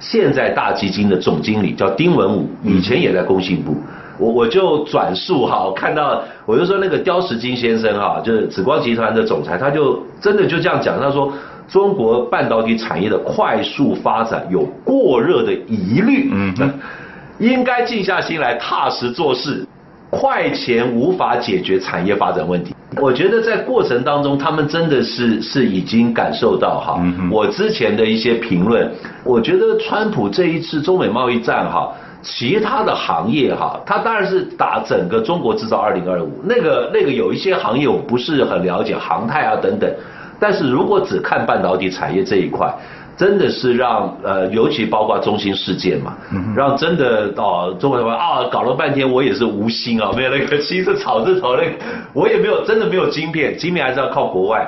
現在大基金的總經理叫丁文武，以前也在工信部。嗯我我就轉述哈，我看到我就說那個刁石京先生哈、啊，就是紫光集團的總裁，他就真的就這樣講，他說中國半導體產業的快速發展有過熱的疑慮，嗯哼，應該靜下心來踏實做事，快錢無法解決產業發展問題。我覺得在過程當中，他們真的是是已經感受到哈，嗯、哼我之前的一些評論，我覺得川普這一次中美貿易戰哈。其他的行業哈，它當然是打整個中國製造二零二五。那個那個有一些行業我不是很了解，航太啊等等。但是如果只看半導體產業這一塊，真的是讓呃，尤其包括中芯事件嘛，讓真的到、哦、中國的話啊，搞了半天我也是無芯啊，沒有那個芯是草字頭那個，我也沒有真的沒有晶片，晶片還是要靠國外。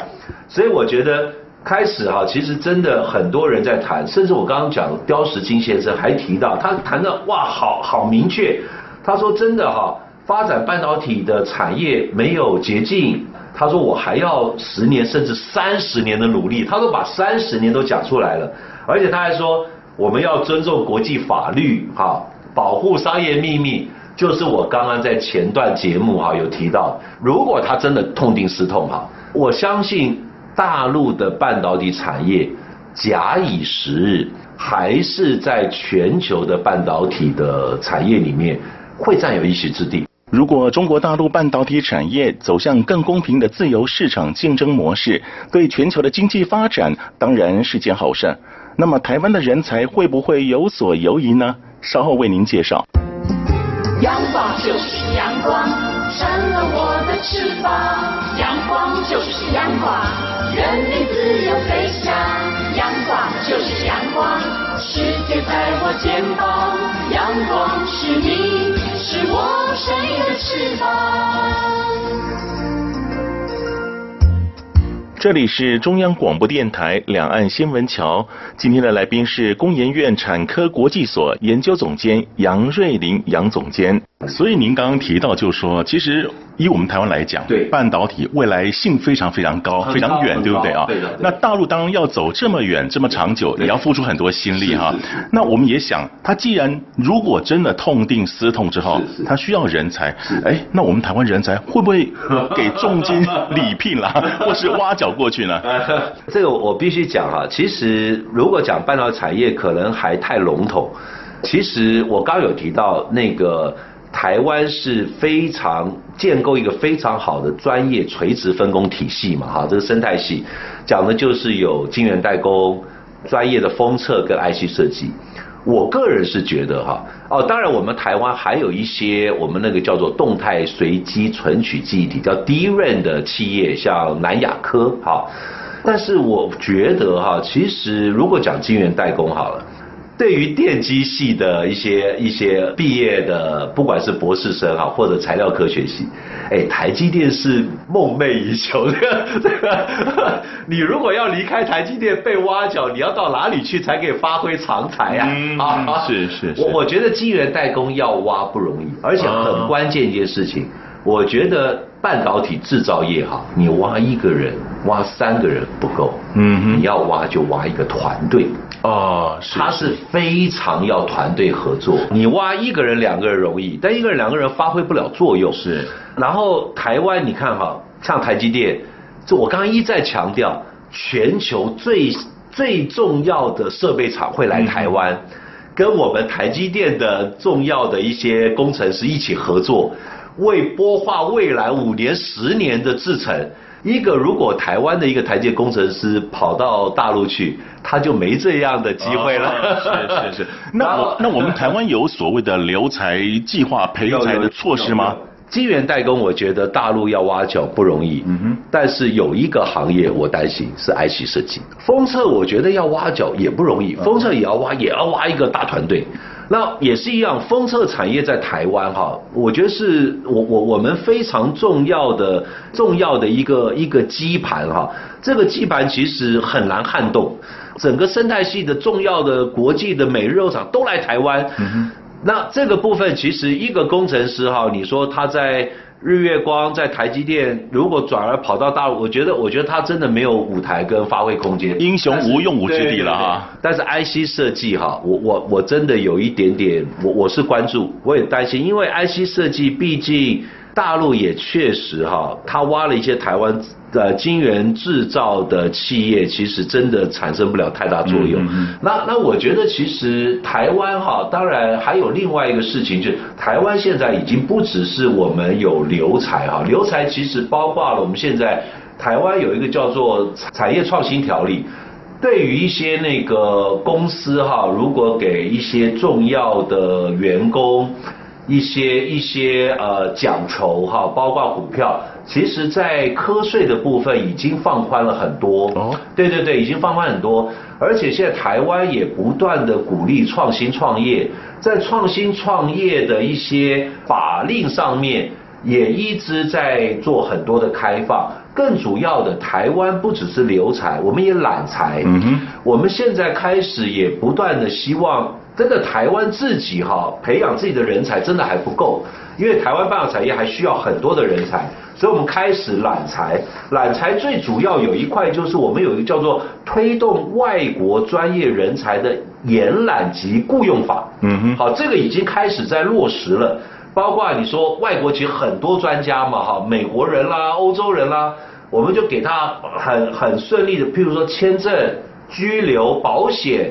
所以我覺得。開始哈，其實真的很多人在談，甚至我剛剛講的刁石京先生還提到，他談的哇，好好明確。他說真的哈，發展半導體的產業沒有捷徑。他說我還要十年甚至三十年的努力。他都把三十年都講出來了，而且他還說我們要尊重國際法律哈，保護商業秘密，就是我剛剛在前段節目哈有提到。如果他真的痛定思痛哈，我相信，大陸的半導體產業，假以時日，還是在全球的半導體的產業裡面會佔有一席之地。如果中國大陸半導體產業走向更公平的自由市場競爭模式，對全球的經濟發展當然是件好事。那麼台灣的人才會不會有所猶疑呢？稍後為您介紹。陽光就是陽光，成了我的翅膀。陽光就是陽光。任你自由飛翔，陽光就是陽光，世界在我肩膀，陽光是你是我生命的翅膀。這裡是中央廣播電台兩岸新聞橋，今天的來賓是工研院產科國際所研究總監楊瑞臨楊總監所以您剛剛提到，就是說，其實以我們台灣來講，對，半導體未來性非常非常高，非常遠，對不對啊？那大陸當然要走這麼遠、這麼長久，也要付出很多心力哈。那我們也想，他既然如果真的痛定思痛之後，他需要人才，哎，那我們台灣人才會不會給重金禮聘啦，或是挖角過去呢？這個我必須講哈，其實如果講半導產業，可能還太籠統。其實我剛有提到那個。台灣是非常建構一個非常好的專業垂直分工體系嘛，哈，這個生態系講的就是有晶圓代工、專業的封測跟 IC 設計。我個人是覺得哈，哦，當然我們台灣還有一些我們那個叫做動態隨機存取記憶體叫 DRAM 的企業，像南亞科哈，但是我覺得哈，其實如果講晶圓代工好了。.對於電機系的一些一些畢業的，不管是博士生哈，或者材料科學系，哎，台積電是夢寐以求的。這個，你如果要離開台積電被挖角，你要到哪裡去才可以發揮長才啊，嗯、啊是是，是我，我我覺得晶圓代工要挖不容易，而且很關鍵一件事情，我覺得半導體製造業哈，你挖一個人，挖三個人不夠，嗯，你要挖就挖一個團隊。哦，他是，是是非常要團隊合作。你挖一個人，兩個人容易，但一個人，兩個人發揮不了作用。是。然後台灣，你看哈，像台積電，這我剛剛一再強調，全球最最重要的設備廠會來台灣，嗯、跟我們台積電的重要的一些工程師一起合作，為擘劃未來五年、十年的製程。一個如果台灣的一個台籍工程師跑到大陸去，他就沒這樣的機會了。是是、哦、是，是是是那、啊、那我們台灣有所謂的留才計劃、培才的措施嗎？晶圓代工，我覺得大陸要挖角不容易。嗯哼。但是有一個行業我擔心是 IC 設計，封測我覺得要挖角也不容易，封測也要挖、嗯、哼也要挖一個大團隊。那也是一樣，封測產業在台灣哈，我覺得是我我我們非常重要的重要的一個一個基盤哈，這個基盤其實很難撼動，整個生態系的重要的國際的美日肉廠都來台灣，嗯、哼那這個部分其實一個工程師哈，你說他在。日月光在台積電，如果轉而跑到大陸，我覺得，我覺得他真的沒有舞台跟發揮空間，英雄是無用武之地了哈，對對對對，但是 I C 設計哈，我我我真的有一點點，我我是關注，我也擔心，因為 I C 設計畢竟。大陸也確實哈，他挖了一些台灣的晶圓製造的企業，其實真的產生不了太大作用。嗯嗯嗯。那那我覺得其實台灣哈，當然還有另外一個事情，就是台灣現在已經不只是我們有留才哈，留才其實包括了我們現在台灣有一個叫做產業創新條例，對於一些那個公司哈，如果給一些重要的員工。一些一些呃獎酬哈，包括股票，其實，在課稅的部分已經放寬了很多。哦，對對對，已經放寬很多。而且現在台灣也不斷的鼓勵創新創業，在創新創業的一些法令上面也一直在做很多的開放。更主要的，台灣不只是留才，我們也攬才。嗯哼，我們現在開始也不斷的希望。真的台灣自己哈、啊、培養自己的人才真的還不夠，因為台灣半導體產業還需要很多的人才，所以我們開始攬才。攬才最主要有一塊就是我們有一個叫做推動外國專業人才的延攬及僱用法。嗯哼，好，這個已經開始在落實了。包括你說外國其實很多專家嘛哈，美國人啦、歐洲人啦，我們就給他很很順利的，譬如說簽證、居留、保險。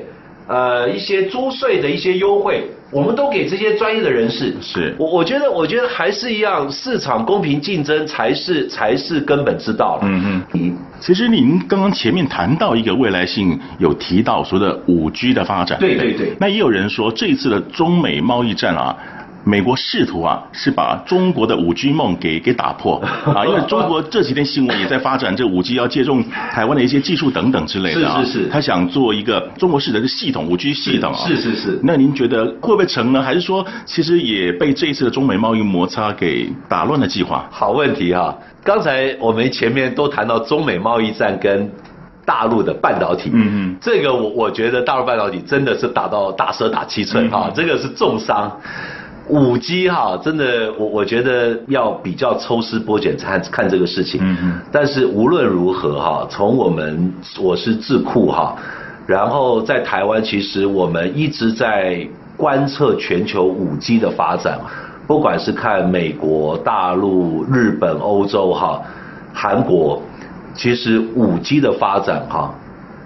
呃，一些租稅的一些優惠，我們都給這些專業的人士。是，我我覺得，我覺得還是一樣，市場公平競爭才是才是根本之道。嗯嗯哼嗯。其實您剛剛前面談到一個未來性，有提到所謂的五 G 的發展。對對對。對對對。那也有人說，這一次的中美貿易戰啊。美國試圖啊是把中國的五 G 夢給給打破啊，因為中國這幾天新聞也在發展 *laughs* 這五 G 要借用台灣的一些技術等等之類的啊，他是是是想做一個中國式的系統五 G 系統啊，是,是是是。那您覺得會不會成呢？還是說其實也被這一次的中美貿易摩擦給打亂了計劃？好問題哈、啊，剛才我們前面都談到中美貿易戰跟大陸的半導體，嗯嗯，這個我我覺得大陸半導體真的是打到打蛇打七寸哈、嗯啊，這個是重傷。五 G 哈，真的，我我覺得要比較抽絲剝繭看看這個事情。嗯嗯。但是無論如何哈，從我們我是智庫哈，然後在台灣其實我們一直在觀測全球五 G 的發展，不管是看美國、大陸、日本、歐洲哈、韓國，其實五 G 的發展哈。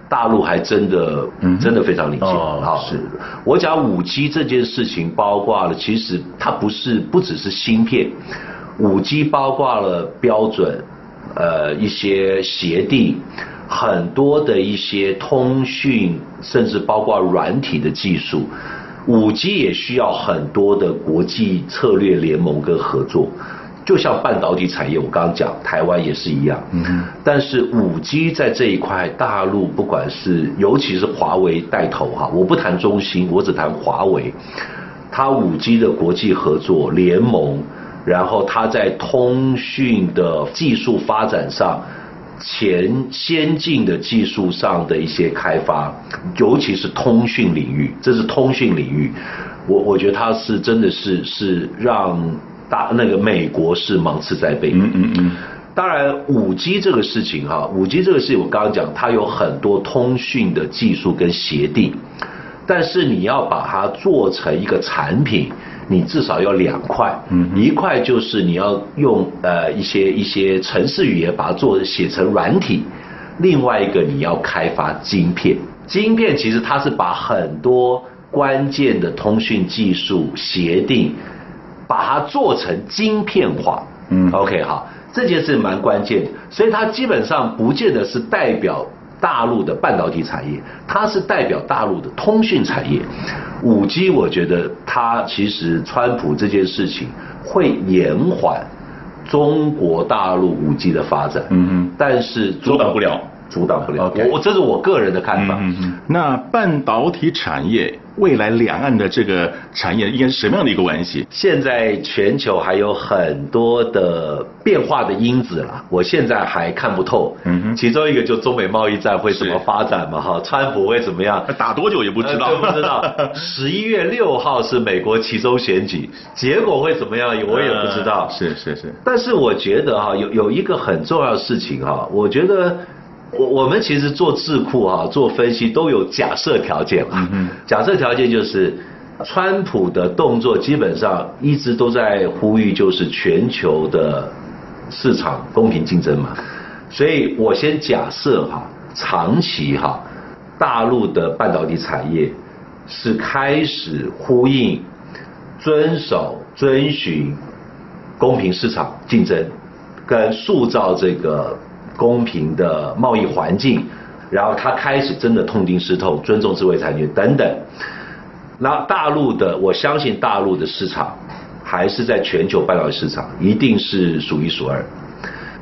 大陸還真的，嗯、哼真的非常理解啊、哦！好，是，我講五 G 這件事情，包括了，其實它不是不只是芯片，五 G 包括了標準，呃，一些協定，很多的一些通訊，甚至包括軟體的技術，五 G 也需要很多的國際策略聯盟跟合作。就像半導體產業，我剛剛講台灣也是一樣。嗯哼，但是五 G 在這一塊，大陸不管是尤其是華為帶頭哈，我不談中興，我只談華為，它五 G 的國際合作聯盟，然後它在通訊的技術發展上，前先進的技術上的一些開發，尤其是通訊領域，這是通訊領域，我我覺得它是真的是是讓。大那個美國是芒刺在背，嗯嗯嗯。當然，五 G 這個事情哈，啊，五 G 這個事情，我剛剛講，它有很多通訊的技術跟協定，但是你要把它做成一個產品，你至少要兩塊，嗯，嗯，一塊就是你要用呃一些一些程式語言把它做寫成軟體，另外一個你要開發晶片，晶片其實它是把很多關鍵的通訊技術協定。把它做成晶片化，嗯，OK 好。這件事蠻關鍵，所以它基本上不見得是代表大陸的半導體產業，它是代表大陸的通訊產業。五 G，我覺得它其實川普這件事情會延緩中國大陸五 G 的發展，嗯嗯，嗯但是阻擋不了，阻擋不了。不了 OK，我這是我個人的看法。嗯，那半導體產業。未來兩岸的這個產業應該是什麼樣的一個關係？現在全球還有很多的變化的因子了，我現在還看不透。嗯哼。其中一個就中美貿易戰會怎麼發展嘛？是哈，川普會怎麼樣？打多久也不知道，呃、不知道。十一 *laughs* 月六號是美國期中選舉，結果會怎麼樣？我也不知道。呃、是是是。但是我覺得哈，有有一個很重要的事情哈，我覺得。我我們其實做智庫啊，做分析都有假設條件嘛。嗯，假設條件就是，川普的動作基本上一直都在呼籲，就是全球的市場公平競爭嘛。所以我先假設哈、啊，長期哈、啊，大陸的半導體產業是開始呼應，遵守遵循公平市場競爭，跟塑造這個。公平的貿易環境，然後他開始真的痛定思痛，尊重智慧產權等等。那大陸的，我相信大陸的市場還是在全球半導體市場一定是數一數二。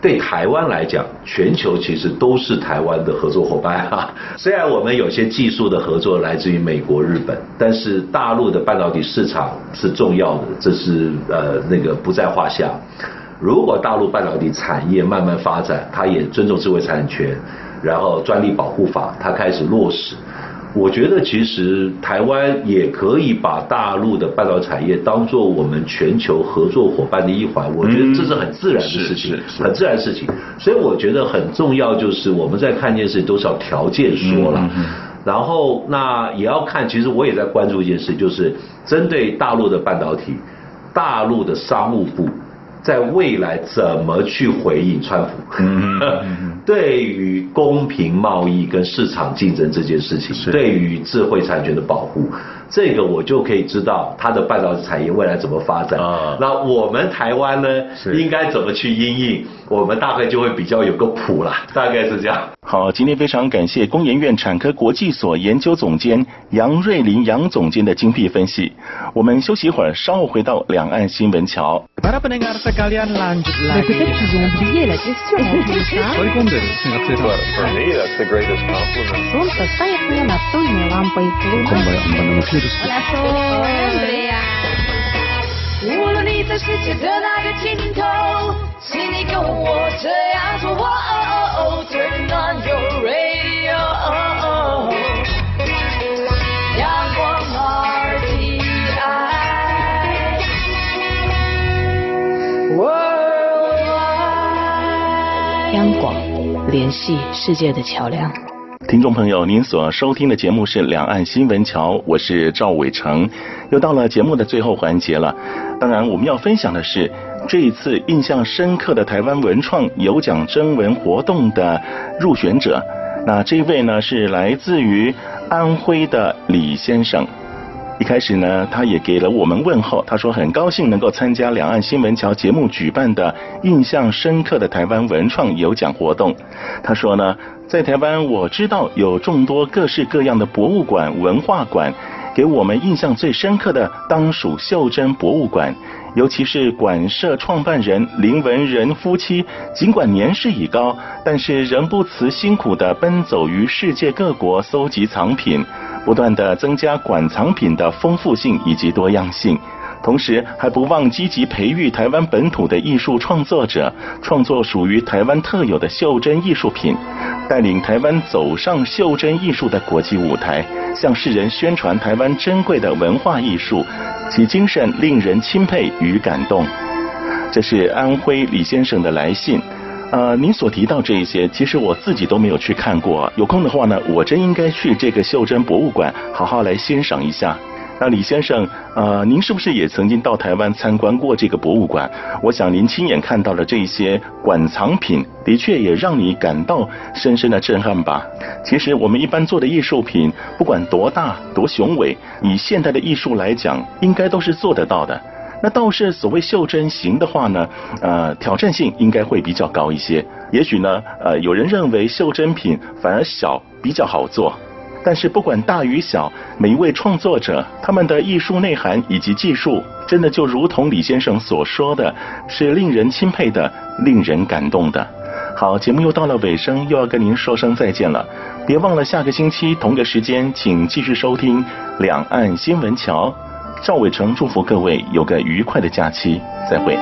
對台灣來講，全球其實都是台灣的合作夥伴哈、啊。雖然我們有些技術的合作來自於美國、日本，但是大陸的半導體市場是重要的，這是呃那個不在話下。如果大陸半導體產業慢慢發展，它也尊重智慧產權，然後專利保護法它開始落實，我覺得其實台灣也可以把大陸的半導體產業當做我們全球合作夥伴的一環，我覺得這是很自然的事情，很自然的事情。所以我覺得很重要就是我們在看一件事都是要條件說了，嗯嗯嗯，然後那也要看，其實我也在關注一件事，就是針對大陸的半導體，大陸的商務部。在未來怎麼去回應川普？ *laughs* 對於公平貿易跟市場競爭這件事情，是對於智慧產權的保護，這個我就可以知道它的半導體產業未來怎麼發展啊。那我們台灣呢，是應該怎麼去因應？我們大概就會比較有個譜啦，大概是這樣。好，今天非常感謝工研院產科國際所研究總監楊瑞臨楊總監的精闢分析。我們休息一會兒，稍後回到兩岸新聞橋。陽光 RTI，央廣聯繫世界的橋梁。聽眾朋友，您所收聽的節目是《兩岸新聞橋》，我是趙偉成。又到了節目的最後環節了，當然我們要分享的是。這一次印象深刻的台灣文創有獎徵文活動的入選者，那這位呢是來自於安徽的李先生。一開始呢，他也給了我們問候，他說很高興能夠參加兩岸新聞橋節目舉辦的印象深刻的台灣文創有獎活動。他說呢，在台灣我知道有眾多各式各樣的博物館、文化館，給我們印象最深刻的當屬袖珍博物館。尤其是館舍創辦人林文仁夫妻，儘管年事已高，但是仍不辭辛苦地奔走於世界各國搜集藏品，不斷地增加館藏品的豐富性以及多樣性，同時還不忘積極培育台灣本土的藝術創作者，創作屬於台灣特有的袖珍藝術品。帶領台灣走上袖珍藝術的國際舞台，向世人宣傳台灣珍貴的文化藝術，其精神令人欽佩與感動。這是安徽李先生的來信，呃，您所提到這一些，其實我自己都沒有去看過。有空的話呢，我真應該去這個袖珍博物館，好好來欣賞一下。那李先生，呃，您是不是也曾經到台灣參觀過這個博物館？我想您親眼看到了這些館藏品，的確也讓你感到深深的震撼吧。其實我們一般做的藝術品，不管多大、多雄偉，以現代的藝術來講，應該都是做得到的。那倒是所謂袖珍型的話呢，呃，挑戰性應該會比較高一些。也許呢，呃，有人認為袖珍品反而小，比較好做。但是不管大與小，每一位創作者他們的藝術內涵以及技術，真的就如同李先生所說的是令人欽佩的、令人感動的。好，節目又到了尾聲，又要跟您說聲再見了。別忘了下個星期同個時間，請繼續收聽《兩岸新聞橋》。趙偉成祝福各位有個愉快的假期，再會。